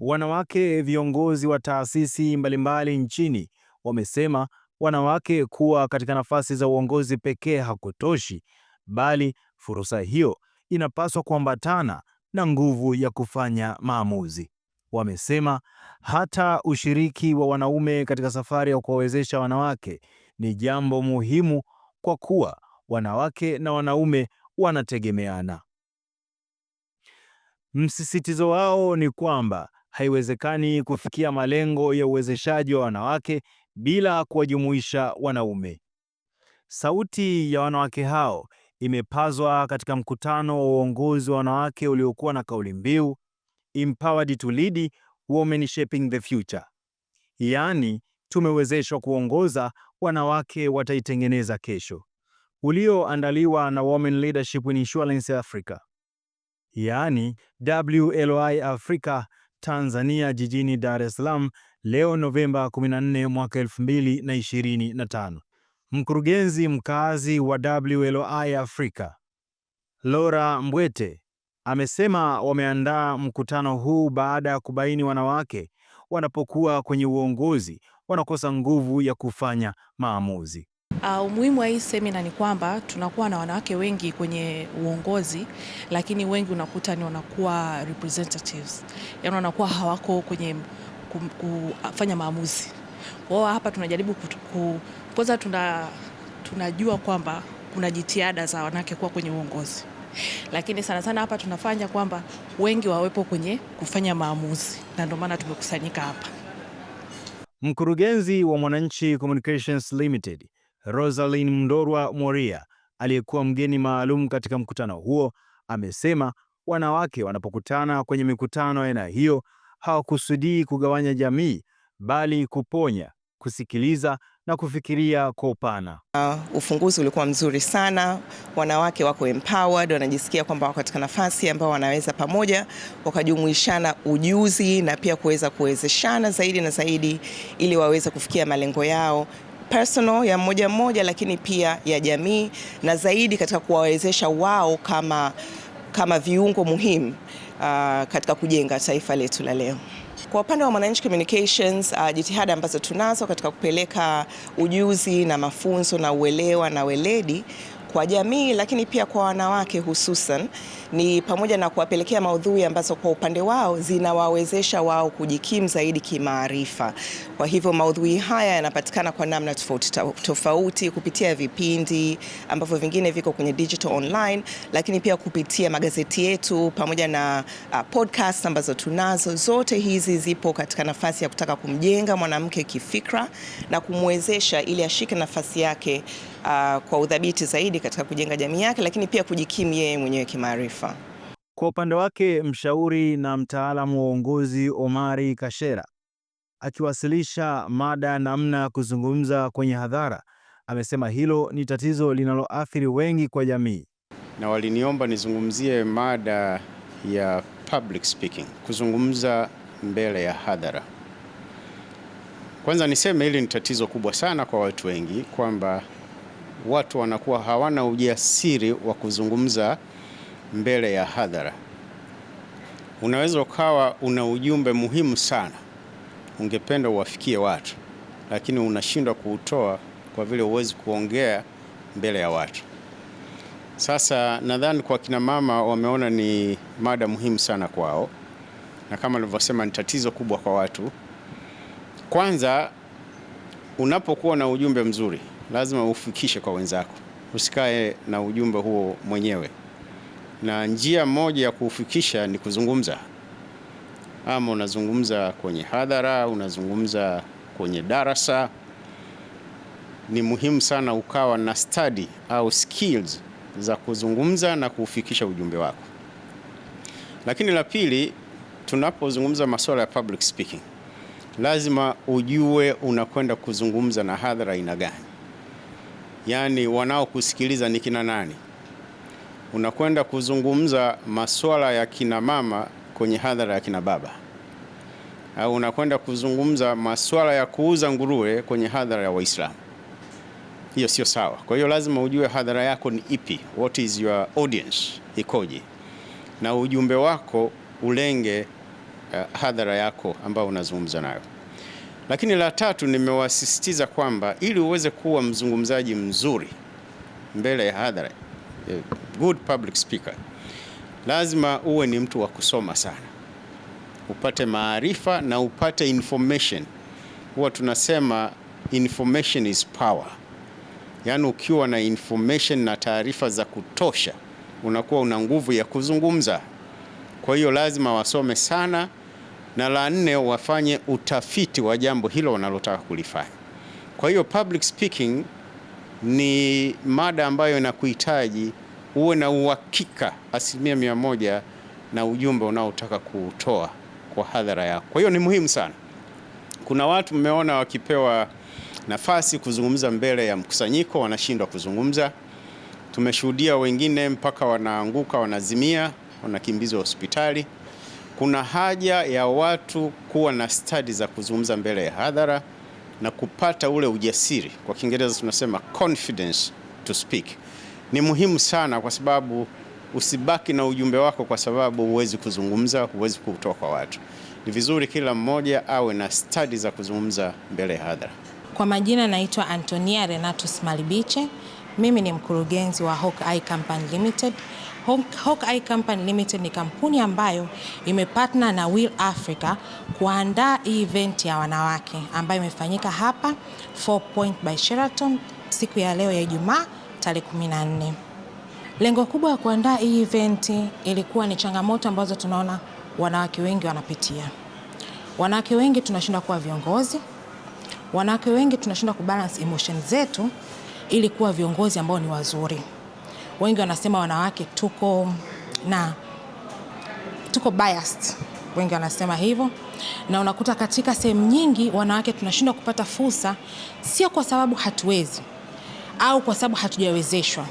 Wanawake viongozi wa taasisi mbalimbali nchini wamesema wanawake kuwa katika nafasi za uongozi pekee hakutoshi, bali fursa hiyo inapaswa kuambatana na nguvu ya kufanya maamuzi. Wamesema hata ushiriki wa wanaume katika safari ya kuwawezesha wanawake ni jambo muhimu kwa kuwa wanawake na wanaume wanategemeana. Msisitizo wao ni kwamba haiwezekani kufikia malengo ya uwezeshaji wa wanawake bila kuwajumuisha wanaume. Sauti ya wanawake hao imepazwa katika mkutano wa uongozi wa wanawake uliokuwa na kauli mbiu Empowered to Lead, Women Shaping the Future, yaani tumewezeshwa kuongoza, wanawake wataitengeneza kesho, ulioandaliwa na Women Leadership in Insurance Africa, yaani WLI Africa Tanzania jijini Dar es Salaam leo Novemba 14 mwaka 2025. Mkurugenzi mkazi wa wloi Afrika Laura Mbwete amesema wameandaa mkutano huu baada ya kubaini wanawake wanapokuwa kwenye uongozi wanakosa nguvu ya kufanya maamuzi. Uh, umuhimu wa hii semina ni kwamba tunakuwa na wanawake wengi kwenye uongozi, lakini wengi unakuta ni wanakuwa representatives, yaani wanakuwa hawako kwenye kufanya maamuzi. Kwa hiyo hapa tunajaribu kwanza, tuna, tunajua kwamba kuna jitihada za wanawake kuwa kwenye uongozi, lakini sana sana hapa tunafanya kwamba wengi wawepo kwenye kufanya maamuzi, na ndio maana tumekusanyika hapa. Mkurugenzi wa Mwananchi Communications Limited Rosalin Mndorwa Moria aliyekuwa mgeni maalum katika mkutano huo amesema wanawake wanapokutana kwenye mikutano aina hiyo hawakusudii kugawanya jamii bali kuponya, kusikiliza na kufikiria kwa upana. Uh, ufunguzi ulikuwa mzuri sana. Wanawake wako empowered, wanajisikia kwamba wako katika nafasi ambao wanaweza pamoja wakajumuishana ujuzi na pia kuweza kuwezeshana zaidi na zaidi ili waweze kufikia malengo yao personal ya mmoja mmoja, lakini pia ya jamii na zaidi katika kuwawezesha wao kama, kama viungo muhimu uh, katika kujenga taifa letu la leo. Kwa upande wa Mwananchi Communications uh, jitihada ambazo tunazo katika kupeleka ujuzi na mafunzo na uelewa na weledi kwa jamii lakini pia kwa wanawake hususan ni pamoja na kuwapelekea maudhui ambazo kwa upande wao zinawawezesha wao kujikimu zaidi kimaarifa. Kwa hivyo maudhui haya yanapatikana kwa namna tofauti tofauti kupitia vipindi ambavyo vingine viko kwenye digital online, lakini pia kupitia magazeti yetu pamoja na uh, podcast ambazo tunazo. Zote hizi zipo katika nafasi ya kutaka kumjenga mwanamke kifikra na kumwezesha ili ashike nafasi yake uh, kwa udhabiti zaidi katika kujenga jamii yake, lakini pia kujikimu yeye mwenyewe kimaarifa. Kwa upande wake, mshauri na mtaalamu wa uongozi Omari Kashera akiwasilisha mada namna ya kuzungumza kwenye hadhara, amesema hilo ni tatizo linaloathiri wengi kwa jamii. Na waliniomba nizungumzie mada ya public speaking, kuzungumza mbele ya hadhara. Kwanza niseme hili ni tatizo kubwa sana kwa watu wengi kwamba watu wanakuwa hawana ujasiri wa kuzungumza mbele ya hadhara. Unaweza ukawa una ujumbe muhimu sana, ungependa uwafikie watu, lakini unashindwa kuutoa kwa vile huwezi kuongea mbele ya watu. Sasa nadhani kwa kina mama wameona ni mada muhimu sana kwao, na kama nilivyosema, ni tatizo kubwa kwa watu. Kwanza, unapokuwa na ujumbe mzuri lazima ufikishe kwa wenzako, usikae na ujumbe huo mwenyewe. Na njia moja ya kuufikisha ni kuzungumza, ama unazungumza kwenye hadhara, unazungumza kwenye darasa. Ni muhimu sana ukawa na study au skills za kuzungumza na kuufikisha ujumbe wako. Lakini la pili, tunapozungumza masuala ya public speaking, lazima ujue unakwenda kuzungumza na hadhara aina gani yani wanaokusikiliza ni kina nani? Unakwenda kuzungumza masuala ya kina mama kwenye hadhara ya kina baba, au unakwenda kuzungumza masuala ya kuuza nguruwe kwenye hadhara ya Waislamu. Hiyo sio sawa. Kwa hiyo lazima ujue hadhara yako ni ipi, what is your audience ikoje, na ujumbe wako ulenge uh, hadhara yako ambayo unazungumza nayo. Lakini la tatu, nimewasisitiza kwamba ili uweze kuwa mzungumzaji mzuri mbele ya hadhara, eh, good public speaker, lazima uwe ni mtu wa kusoma sana, upate maarifa na upate information. Huwa tunasema information is power, yaani ukiwa na information na taarifa za kutosha unakuwa una nguvu ya kuzungumza. Kwa hiyo lazima wasome sana na la nne wafanye utafiti wa jambo hilo wanalotaka kulifanya. Kwa hiyo public speaking ni mada ambayo inakuhitaji uwe na uhakika asilimia mia moja na ujumbe unaotaka kuutoa kwa hadhara yako. Kwa hiyo ni muhimu sana. Kuna watu mmeona wakipewa nafasi kuzungumza mbele ya mkusanyiko wanashindwa kuzungumza. Tumeshuhudia wengine mpaka wanaanguka, wanazimia, wanakimbizwa hospitali kuna haja ya watu kuwa na stadi za kuzungumza mbele ya hadhara na kupata ule ujasiri, kwa Kiingereza tunasema confidence to speak. Ni muhimu sana kwa sababu usibaki na ujumbe wako kwa sababu huwezi kuzungumza, huwezi kuutoa kwa watu. Ni vizuri kila mmoja awe na stadi za kuzungumza mbele ya hadhara. Kwa majina naitwa Antonia Renatus Malibiche. Mimi ni mkurugenzi wa Hawk Eye Company Limited. Hawkeye Company Limited ni kampuni ambayo imepartner na Will Africa kuandaa event ya wanawake ambayo imefanyika hapa Four Point by Sheraton siku ya leo ya Ijumaa tarehe 14. Lengo kubwa ya kuandaa hii event ilikuwa ni changamoto ambazo tunaona wanawake wengi wanapitia. Wanawake wengi tunashindwa kuwa viongozi, wanawake wengi tunashindwa kubalance emotion zetu ili kuwa viongozi ambao ni wazuri wengi wanasema wanawake tuko na tuko biased, wengi wanasema hivyo, na unakuta katika sehemu nyingi wanawake tunashindwa kupata fursa, sio kwa sababu hatuwezi au kwa sababu hatujawezeshwa.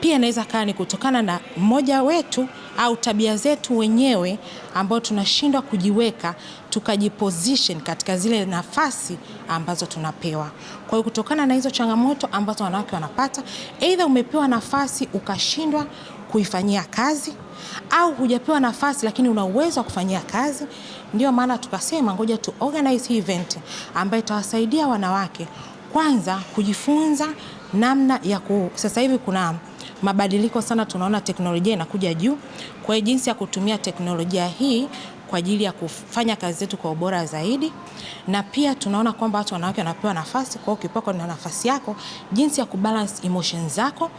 Pia inaweza kaa ni kutokana na mmoja wetu au tabia zetu wenyewe ambao tunashindwa kujiweka tukajiposition katika zile nafasi ambazo tunapewa. Kwa hiyo kutokana na hizo changamoto ambazo wanawake wanapata, aidha umepewa nafasi ukashindwa kuifanyia kazi au hujapewa nafasi lakini una uwezo wa kufanyia kazi. Ndio maana tukasema ngoja tu organize hii event ambayo itawasaidia wanawake kwanza kujifunza namna ya ku, sasa hivi kuna mabadiliko sana, tunaona teknolojia inakuja juu. Kwa hiyo jinsi ya kutumia teknolojia hii kwa ajili ya kufanya kazi zetu kwa ubora zaidi, na pia tunaona kwamba watu wanawake wanapewa nafasi. Kwa hiyo na nafasi yako, jinsi ya kubalance emotions zako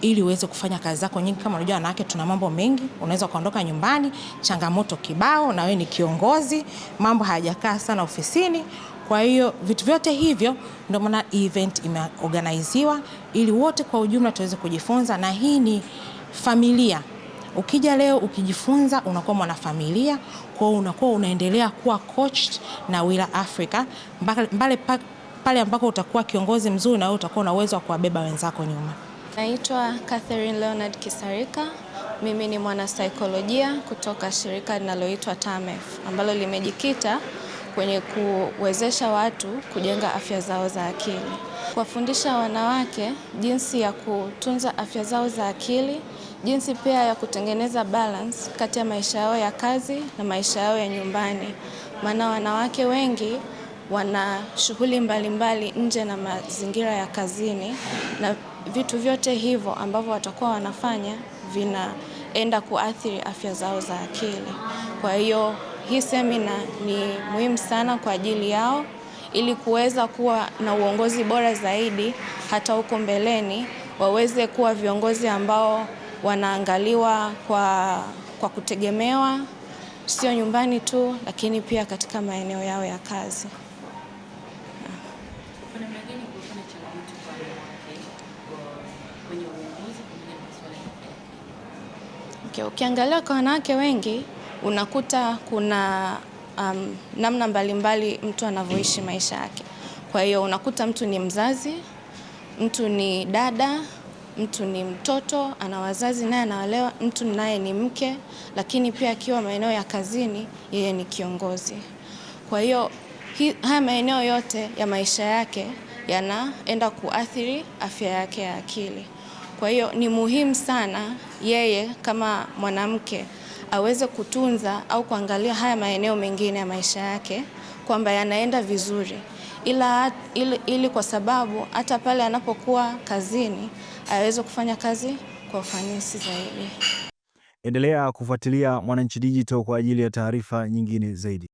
ili uweze kufanya kazi zako nyingi. Kama unajua wanawake tuna mambo mengi, unaweza kuondoka nyumbani, changamoto kibao, na wewe ni kiongozi, mambo hayajakaa sana ofisini. Kwa hiyo vitu vyote hivyo ndio maana event imeorganiziwa ili wote kwa ujumla tuweze kujifunza, na hii ni familia. Ukija leo ukijifunza, unakuwa mwanafamilia, kwa hiyo unakuwa unaendelea kuwa coached na wila Africa mbale pale ambako utakuwa kiongozi mzuri, na wewe utakuwa na uwezo wa kuwabeba wenzako nyuma. Naitwa Catherine Leonard Kisarika. Mimi ni mwanasaikolojia kutoka shirika linaloitwa TAMEF ambalo limejikita kwenye kuwezesha watu kujenga afya zao za akili, kuwafundisha wanawake jinsi ya kutunza afya zao za akili, jinsi pia ya kutengeneza balance kati ya maisha yao ya kazi na maisha yao ya nyumbani, maana wanawake wengi wana shughuli mbalimbali nje na mazingira ya kazini, na vitu vyote hivyo ambavyo watakuwa wanafanya vinaenda kuathiri afya zao za akili. Kwa hiyo hii semina ni muhimu sana kwa ajili yao ili kuweza kuwa na uongozi bora zaidi hata huko mbeleni waweze kuwa viongozi ambao wanaangaliwa kwa, kwa kutegemewa sio nyumbani tu lakini pia katika maeneo yao ya kazi. Okay, ukiangalia kwa wanawake wengi unakuta kuna um, namna mbalimbali mbali mtu anavyoishi maisha yake. Kwa hiyo unakuta mtu ni mzazi, mtu ni dada, mtu ni mtoto, ana wazazi naye anawalewa, mtu naye ni mke, lakini pia akiwa maeneo ya kazini, yeye ni kiongozi. Kwa hiyo hi, haya maeneo yote ya maisha yake yanaenda kuathiri afya yake ya akili. Kwa hiyo ni muhimu sana yeye kama mwanamke aweze kutunza au kuangalia haya maeneo mengine ya maisha yake kwamba yanaenda vizuri, ila ili, ili kwa sababu hata pale anapokuwa kazini aweze kufanya kazi kwa ufanisi zaidi. Endelea kufuatilia Mwananchi Digital kwa ajili ya taarifa nyingine zaidi.